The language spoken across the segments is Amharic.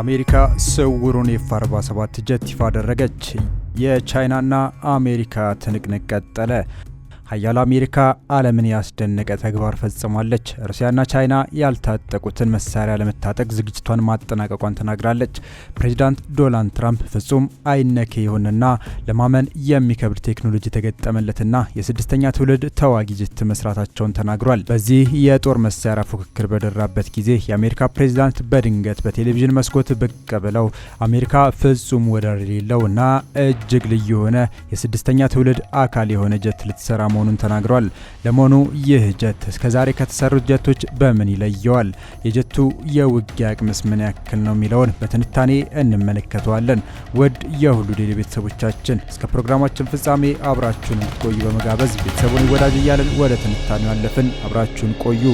አሜሪካ ስውሩን ኤፍ 47 ጀት ይፋ አደረገች። የቻይናና አሜሪካ ትንቅንቅ ቀጠለ። ሀያል አሜሪካ ዓለምን ያስደነቀ ተግባር ፈጽማለች። ሩሲያና ቻይና ያልታጠቁትን መሳሪያ ለመታጠቅ ዝግጅቷን ማጠናቀቋን ተናግራለች። ፕሬዚዳንት ዶናልድ ትራምፕ ፍጹም አይነኬ የሆነና ለማመን የሚከብድ ቴክኖሎጂ የተገጠመለትና የስድስተኛ ትውልድ ተዋጊ ጅት መስራታቸውን ተናግሯል። በዚህ የጦር መሳሪያ ፉክክር በደራበት ጊዜ የአሜሪካ ፕሬዚዳንት በድንገት በቴሌቪዥን መስኮት ብቅ ብለው አሜሪካ ፍጹም ወደር የሌለው እጅግ ልዩ የሆነ የስድስተኛ ትውልድ አካል የሆነ ጀት ልትሰራ መሆኑ መሆኑን ተናግረዋል። ለመሆኑ ይህ ጀት እስከዛሬ ከተሰሩት ጀቶች በምን ይለየዋል? የጀቱ የውጊያ አቅምስ ምን ያክል ነው የሚለውን በትንታኔ እንመለከተዋለን። ውድ የሁሉ ዴይሊ ቤተሰቦቻችን እስከ ፕሮግራማችን ፍጻሜ አብራችሁን እንድትቆዩ በመጋበዝ ቤተሰቡን ይወዳጅ እያለን ወደ ትንታኔው አለፍን። አብራችሁን ቆዩ።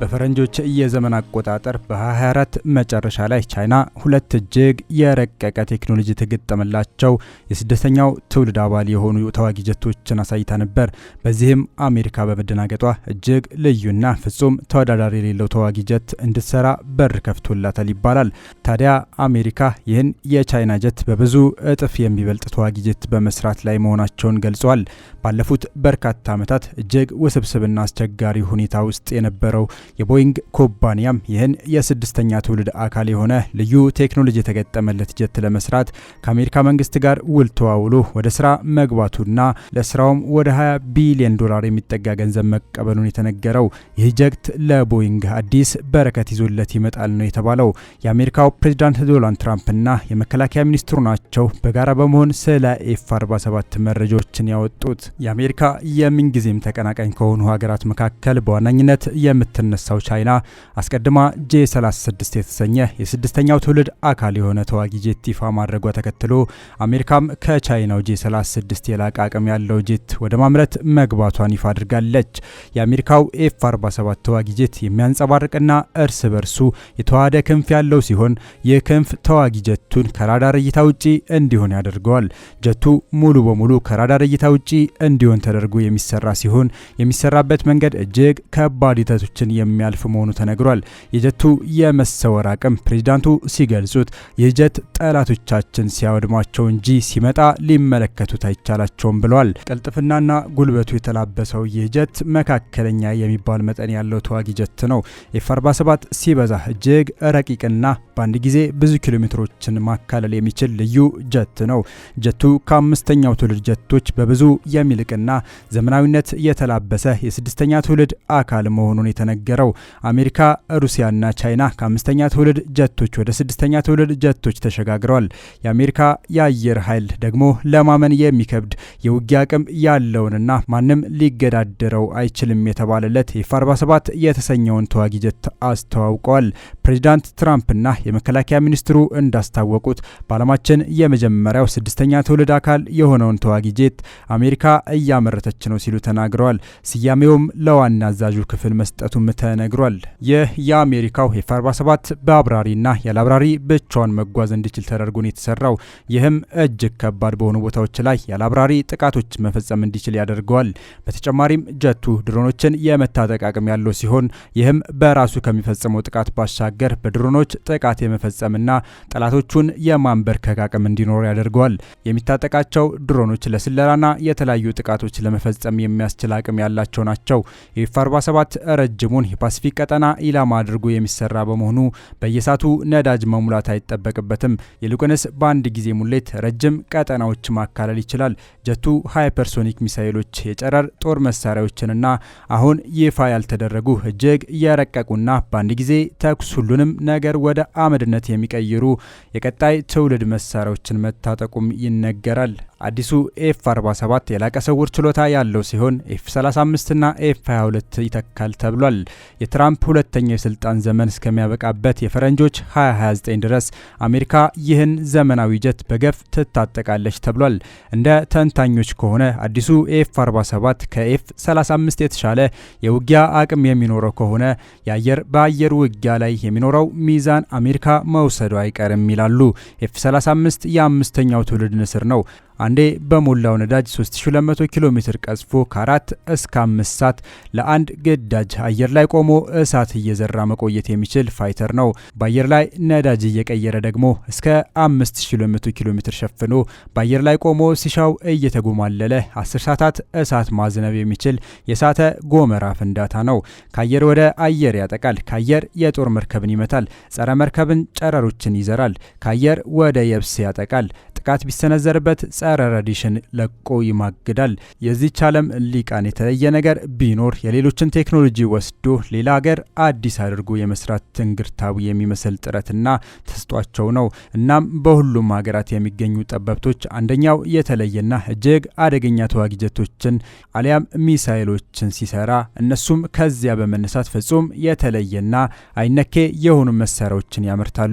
በፈረንጆች የዘመን አቆጣጠር በ24 መጨረሻ ላይ ቻይና ሁለት እጅግ የረቀቀ ቴክኖሎጂ የተገጠመላቸው የስደተኛው ትውልድ አባል የሆኑ ተዋጊ ጀቶችን አሳይታ ነበር። በዚህም አሜሪካ በመደናገጧ እጅግ ልዩና ፍጹም ተወዳዳሪ የሌለው ተዋጊ ጀት እንድትሰራ በር ከፍቶላታል ይባላል። ታዲያ አሜሪካ ይህን የቻይና ጀት በብዙ እጥፍ የሚበልጥ ተዋጊ ጀት በመስራት ላይ መሆናቸውን ገልጸዋል። ባለፉት በርካታ ዓመታት እጅግ ውስብስብና አስቸጋሪ ሁኔታ ውስጥ የነበረው የቦይንግ ኩባንያም ይህን የስድስተኛ ትውልድ አካል የሆነ ልዩ ቴክኖሎጂ የተገጠመለት ጀት ለመስራት ከአሜሪካ መንግስት ጋር ውል ተዋውሎ ወደ ስራ መግባቱና ለስራውም ወደ 20 ቢሊዮን ዶላር የሚጠጋ ገንዘብ መቀበሉን የተነገረው ይህ ጀት ለቦይንግ አዲስ በረከት ይዞለት ይመጣል ነው የተባለው። የአሜሪካው ፕሬዚዳንት ዶናልድ ትራምፕና የመከላከያ ሚኒስትሩ ናቸው በጋራ በመሆን ስለ ኤፍ 47 መረጃዎችን ያወጡት። የአሜሪካ የምንጊዜም ተቀናቃኝ ከሆኑ ሀገራት መካከል በዋነኝነት የምትነሳ የምትረሳው ቻይና አስቀድማ ጄ36 የተሰኘ የስድስተኛው ትውልድ አካል የሆነ ተዋጊ ጄት ይፋ ማድረጓ ተከትሎ አሜሪካም ከቻይናው ጄ36 የላቀ አቅም ያለው ጄት ወደ ማምረት መግባቷን ይፋ አድርጋለች። የአሜሪካው ኤፍ 47 ተዋጊ ጄት የሚያንጸባርቅና እርስ በርሱ የተዋሃደ ክንፍ ያለው ሲሆን ይህ ክንፍ ተዋጊ ጀቱን ከራዳር እይታ ውጪ እንዲሆን ያደርገዋል። ጀቱ ሙሉ በሙሉ ከራዳር እይታ ውጪ እንዲሆን ተደርጎ የሚሰራ ሲሆን የሚሰራበት መንገድ እጅግ ከባድ ይተቶችን የሚያልፍ መሆኑ ተነግሯል። የጀቱ የመሰወር አቅም ፕሬዚዳንቱ ሲገልጹት የጀት ጠላቶቻችን ሲያወድሟቸው እንጂ ሲመጣ ሊመለከቱት አይቻላቸውም ብለዋል። ቅልጥፍናና ጉልበቱ የተላበሰው ይህ ጀት መካከለኛ የሚባል መጠን ያለው ተዋጊ ጀት ነው። ኤፍ 47 ሲበዛ እጅግ ረቂቅና በአንድ ጊዜ ብዙ ኪሎ ሜትሮችን ማካለል የሚችል ልዩ ጀት ነው። ጀቱ ከአምስተኛው ትውልድ ጀቶች በብዙ የሚልቅና ዘመናዊነት የተላበሰ የስድስተኛ ትውልድ አካል መሆኑን የተነገ ተናገረው። አሜሪካ፣ ሩሲያና ቻይና ከአምስተኛ ትውልድ ጀቶች ወደ ስድስተኛ ትውልድ ጀቶች ተሸጋግረዋል። የአሜሪካ የአየር ኃይል ደግሞ ለማመን የሚከብድ የውጊያ አቅም ያለውንና ማንም ሊገዳደረው አይችልም የተባለለት ኤፍ 47 የተሰኘውን ተዋጊ ጀት አስተዋውቀዋል። ፕሬዚዳንት ትራምፕና የመከላከያ ሚኒስትሩ እንዳስታወቁት በዓለማችን የመጀመሪያው ስድስተኛ ትውልድ አካል የሆነውን ተዋጊ ጄት አሜሪካ እያመረተች ነው ሲሉ ተናግረዋል። ስያሜውም ለዋና አዛዡ ክፍል መስጠቱ ተነግሯል። ይህ የአሜሪካው ኤፍ 47 በአብራሪና ያለ አብራሪ መጓዝ እንዲችል ተደርጎ ነው የተሰራው። ይህም እጅግ ከባድ በሆኑ ቦታዎች ላይ ያለ ጥቃቶች መፈጸም እንዲችል ያደርገዋል። በተጨማሪም ጀቱ ድሮኖችን የመታጠቅ አቅም ያለው ሲሆን ይህም በራሱ ከሚፈጽመው ጥቃት ባሻገር በድሮኖች ጥቃት የመፈጸምና ጠላቶቹን የማንበርከክ አቅም እንዲኖር ያደርገዋል። የሚታጠቃቸው ድሮኖች ለስለላና የተለያዩ ጥቃቶች ለመፈጸም የሚያስችል አቅም ያላቸው ናቸው። ኤፍ 47 ረጅሙን የፓሲፊክ ቀጠና ኢላማ አድርጎ የሚሰራ በመሆኑ በየሳቱ ነዳጅ መሙላት አይጠበቅበትም። ይልቁንስ በአንድ ጊዜ ሙሌት ረጅም ቀጠናዎች ማካለል ይችላል። ጀቱ ሃይፐርሶኒክ ሚሳይሎች፣ የጨረር ጦር መሳሪያዎችንና አሁን ይፋ ያልተደረጉ እጅግ እየረቀቁና በአንድ ጊዜ ተኩስ ሁሉንም ነገር ወደ አመድነት የሚቀይሩ የቀጣይ ትውልድ መሳሪያዎችን መታጠቁም ይነገራል። አዲሱ ኤፍ 47 የላቀ ስውር ችሎታ ያለው ሲሆን ኤፍ 35 ና ኤፍ 22 ይተካል ተብሏል። የትራምፕ ሁለተኛው የስልጣን ዘመን እስከሚያበቃበት የፈረንጆች 2029 ድረስ አሜሪካ ይህን ዘመናዊ ጀት በገፍ ትታጠቃለች ተብሏል። እንደ ተንታኞች ከሆነ አዲሱ ኤፍ 47 ከኤፍ 35 የተሻለ የውጊያ አቅም የሚኖረው ከሆነ የአየር በአየር ውጊያ ላይ የሚኖረው ሚዛን አሜሪካ መውሰዱ አይቀርም ይላሉ። ኤፍ 35 የአምስተኛው ትውልድ ንስር ነው። አንዴ በሞላው ነዳጅ 3200 ኪሎ ሜትር ቀዝፎ ከአራት እስከ አምስት ሰዓት ለአንድ ግዳጅ አየር ላይ ቆሞ እሳት እየዘራ መቆየት የሚችል ፋይተር ነው። በአየር ላይ ነዳጅ እየቀየረ ደግሞ እስከ 5200 ኪሎ ሜትር ሸፍኖ በአየር ላይ ቆሞ ሲሻው እየተጎማለለ 10 ሰዓታት እሳት ማዝነብ የሚችል የእሳተ ጎመራ ፍንዳታ ነው። ከአየር ወደ አየር ያጠቃል። ከአየር የጦር መርከብን ይመታል። ጸረ መርከብን ጨረሮችን ይዘራል። ከአየር ወደ የብስ ያጠቃል። ጥቃት ቢሰነዘርበት ጸረ ራዲሽን ለቆ ይማግዳል። የዚች ዓለም ሊቃን የተለየ ነገር ቢኖር የሌሎችን ቴክኖሎጂ ወስዶ ሌላ ሀገር አዲስ አድርጎ የመስራት ትንግርታዊ የሚመስል ጥረትና ተስጧቸው ነው። እናም በሁሉም ሀገራት የሚገኙ ጠበብቶች አንደኛው የተለየና እጅግ አደገኛ ተዋጊ ጀቶችን አሊያም ሚሳይሎችን ሲሰራ እነሱም ከዚያ በመነሳት ፍጹም የተለየና አይነኬ የሆኑ መሳሪያዎችን ያመርታሉ።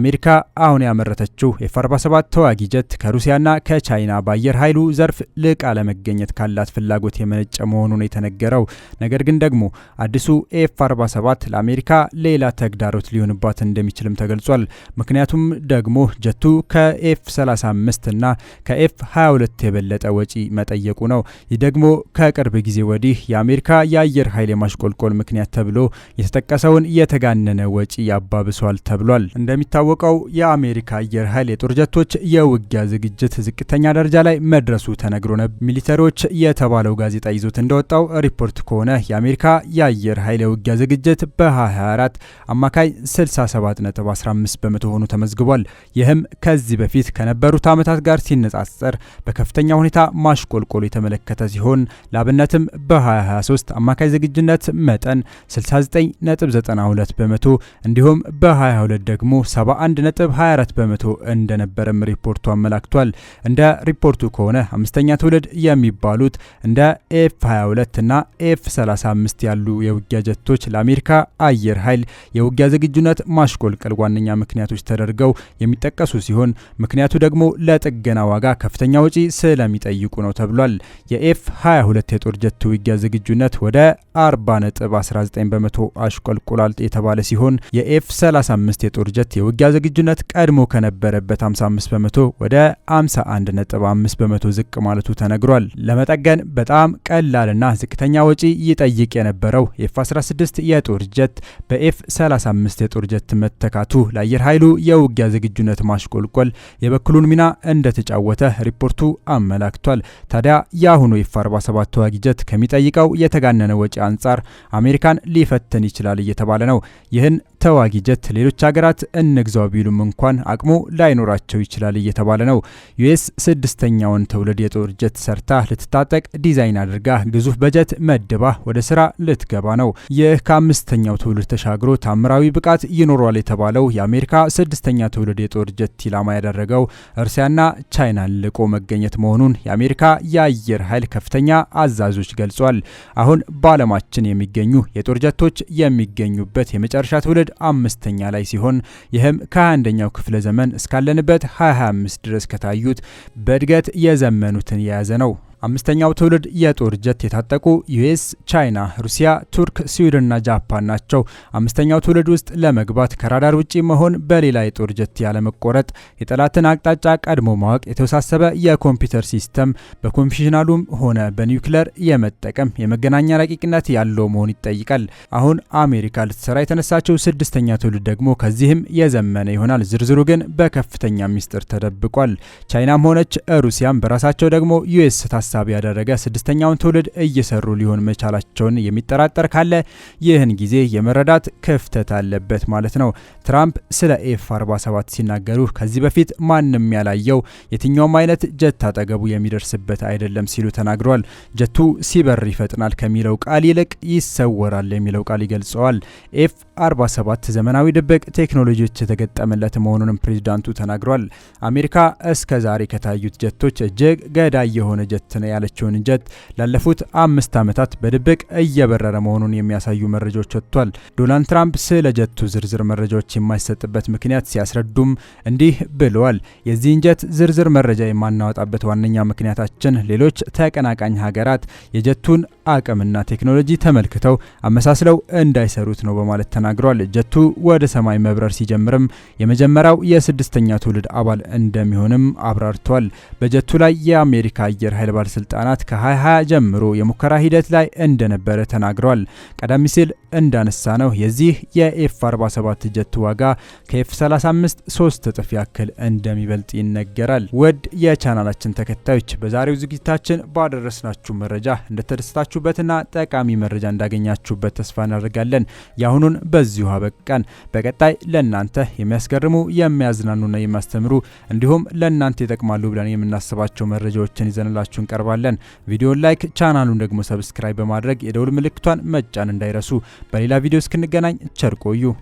አሜሪካ አሁን ያመረተችው ኤፍ 47 ተዋጊ ጀት ከሩሲያና ከቻይና በአየር ኃይሉ ዘርፍ ልቃ ለመገኘት ካላት ፍላጎት የመነጨ መሆኑን የተነገረው፣ ነገር ግን ደግሞ አዲሱ ኤፍ 47 ለአሜሪካ ሌላ ተግዳሮት ሊሆንባት እንደሚችልም ተገልጿል። ምክንያቱም ደግሞ ጀቱ ከኤፍ 35 እና ከኤፍ 22 የበለጠ ወጪ መጠየቁ ነው። ይህ ደግሞ ከቅርብ ጊዜ ወዲህ የአሜሪካ የአየር ኃይል የማሽቆልቆል ምክንያት ተብሎ የተጠቀሰውን የተጋነነ ወጪ ያባብሷል ተብሏል። እንደሚታወቀው የአሜሪካ አየር ኃይል የጦር ጀቶች የው የውጊያ ዝግጅት ዝቅተኛ ደረጃ ላይ መድረሱ ተነግሮ ነበር። ሚሊተሪዎች የተባለው ጋዜጣ ይዞት እንደወጣው ሪፖርት ከሆነ የአሜሪካ የአየር ኃይል የውጊያ ዝግጅት በ2024 አማካይ 67.15 በመቶ ሆኑ ተመዝግቧል። ይህም ከዚህ በፊት ከነበሩት ዓመታት ጋር ሲነጻጸር በከፍተኛ ሁኔታ ማሽቆልቆሉ የተመለከተ ሲሆን ለአብነትም በ2023 አማካይ ዝግጅነት መጠን 69.92 በመቶ እንዲሁም በ 22 ደግሞ 71.24 በመቶ እንደነበረም ሪፖርት ሪፖርቱ አመላክቷል። እንደ ሪፖርቱ ከሆነ አምስተኛ ትውልድ የሚባሉት እንደ ኤፍ 22 እና ኤፍ 35 ያሉ የውጊያ ጀቶች ለአሜሪካ አየር ኃይል የውጊያ ዝግጁነት ማሽቆልቀል ዋነኛ ምክንያቶች ተደርገው የሚጠቀሱ ሲሆን ምክንያቱ ደግሞ ለጥገና ዋጋ ከፍተኛ ወጪ ስለሚጠይቁ ነው ተብሏል። የኤፍ 22 የጦር ጀት ውጊያ ዝግጁነት ወደ 19 በመቶ አሽቆልቁላል የተባለ ሲሆን የኤፍ 35 የጦር ጀት የውጊያ ዝግጁነት ቀድሞ ከነበረበት 55 በመቶ ወደ 51.5 በመቶ ዝቅ ማለቱ ተነግሯል። ለመጠገን በጣም ቀላልና ዝቅተኛ ወጪ ይጠይቅ የነበረው ኤፍ 16 የጦር ጀት በኤፍ 35 የጦር ጀት መተካቱ ለአየር ኃይሉ የውጊያ ዝግጁነት ማሽቆልቆል የበኩሉን ሚና እንደተጫወተ ሪፖርቱ አመላክቷል። ታዲያ የአሁኑ ኤፍ 47 ተዋጊ ጀት ከሚጠይቀው የተጋነነ ወጪ አንጻር አሜሪካን ሊፈትን ይችላል እየተባለ ነው። ይህን ተዋጊ ጀት ሌሎች ሀገራት እንግዛው ቢሉም እንኳን አቅሙ ላይኖራቸው ይችላል እየተባለ ነው። ዩኤስ ስድስተኛውን ትውልድ የጦር ጀት ሰርታ ልትታጠቅ ዲዛይን አድርጋ ግዙፍ በጀት መድባ ወደ ስራ ልትገባ ነው። ይህ ከአምስተኛው ትውልድ ተሻግሮ ታምራዊ ብቃት ይኖሯል የተባለው የአሜሪካ ስድስተኛ ትውልድ የጦር ጀት ኢላማ ያደረገው ሩሲያና ቻይናን ልቆ መገኘት መሆኑን የአሜሪካ የአየር ኃይል ከፍተኛ አዛዦች ገልጿል። አሁን በዓለማችን የሚገኙ የጦር ጀቶች የሚገኙበት የመጨረሻ ትውልድ አምስተኛ ላይ ሲሆን ይህም ከ21ኛው ክፍለ ዘመን እስካለንበት 2025 ድረስ ከታዩት በእድገት የዘመኑትን የያዘ ነው። አምስተኛው ትውልድ የጦር ጀት የታጠቁ ዩኤስ፣ ቻይና፣ ሩሲያ፣ ቱርክ፣ ስዊድንና ጃፓን ናቸው። አምስተኛው ትውልድ ውስጥ ለመግባት ከራዳር ውጪ መሆን፣ በሌላ የጦር ጀት ያለመቆረጥ፣ የጠላትን አቅጣጫ ቀድሞ ማወቅ፣ የተወሳሰበ የኮምፒውተር ሲስተም በኮንቬንሽናሉም ሆነ በኒውክለር የመጠቀም የመገናኛ ረቂቅነት ያለው መሆን ይጠይቃል። አሁን አሜሪካ ልትሰራ የተነሳችው ስድስተኛ ትውልድ ደግሞ ከዚህም የዘመነ ይሆናል። ዝርዝሩ ግን በከፍተኛ ሚስጥር ተደብቋል። ቻይናም ሆነች ሩሲያም በራሳቸው ደግሞ ዩኤስ ታስ ታሳቢ ያደረገ ስድስተኛውን ትውልድ እየሰሩ ሊሆን መቻላቸውን የሚጠራጠር ካለ ይህን ጊዜ የመረዳት ክፍተት አለበት ማለት ነው። ትራምፕ ስለ ኤፍ 47 ሲናገሩ ከዚህ በፊት ማንም ያላየው የትኛውም አይነት ጀት አጠገቡ የሚደርስበት አይደለም ሲሉ ተናግረዋል። ጀቱ ሲበር ይፈጥናል ከሚለው ቃል ይልቅ ይሰወራል የሚለው ቃል ይገልጸዋል። ኤፍ 47 ዘመናዊ ድብቅ ቴክኖሎጂዎች የተገጠመለት መሆኑንም ፕሬዚዳንቱ ተናግሯል። አሜሪካ እስከ ዛሬ ከታዩት ጀቶች እጅግ ገዳይ የሆነ ጀት ነው ያለችውን ጀት ላለፉት አምስት ዓመታት በድብቅ እየበረረ መሆኑን የሚያሳዩ መረጃዎች ወጥቷል። ዶናልድ ትራምፕ ስለ ጀቱ ዝርዝር መረጃዎች የማይሰጥበት ምክንያት ሲያስረዱም እንዲህ ብለዋል። የዚህን ጀት ዝርዝር መረጃ የማናወጣበት ዋነኛ ምክንያታችን ሌሎች ተቀናቃኝ ሀገራት የጀቱን አቅምና ቴክኖሎጂ ተመልክተው አመሳስለው እንዳይሰሩት ነው በማለት ተናግሯል። ጀቱ ወደ ሰማይ መብረር ሲጀምርም የመጀመሪያው የስድስተኛ ትውልድ አባል እንደሚሆንም አብራርቷል። በጀቱ ላይ የአሜሪካ አየር ኃይል ባለስልጣናት ከ2020 ጀምሮ የሙከራ ሂደት ላይ እንደነበረ ተናግረዋል። ቀደም ሲል እንዳነሳ ነው የዚህ የኤፍ 47 ጀት ዋጋ ከኤፍ 35 3 እጥፍ ያክል እንደሚበልጥ ይነገራል። ውድ የቻናላችን ተከታዮች በዛሬው ዝግጅታችን ባደረስናችሁ መረጃ እንደተደሰታችሁበትና ጠቃሚ መረጃ እንዳገኛችሁበት ተስፋ እናደርጋለን። የአሁኑን በዚሁ አበቃን። በቀጣይ ለእናንተ የሚያስገርሙ የሚያዝናኑና የሚያስተምሩ እንዲሁም ለእናንተ ይጠቅማሉ ብለን የምናስባቸው መረጃዎችን ይዘንላችሁ እንቀርባለን። ቪዲዮን ላይክ፣ ቻናሉን ደግሞ ሰብስክራይብ በማድረግ የደውል ምልክቷን መጫን እንዳይረሱ። በሌላ ቪዲዮ እስክንገናኝ ቸር ቆዩ።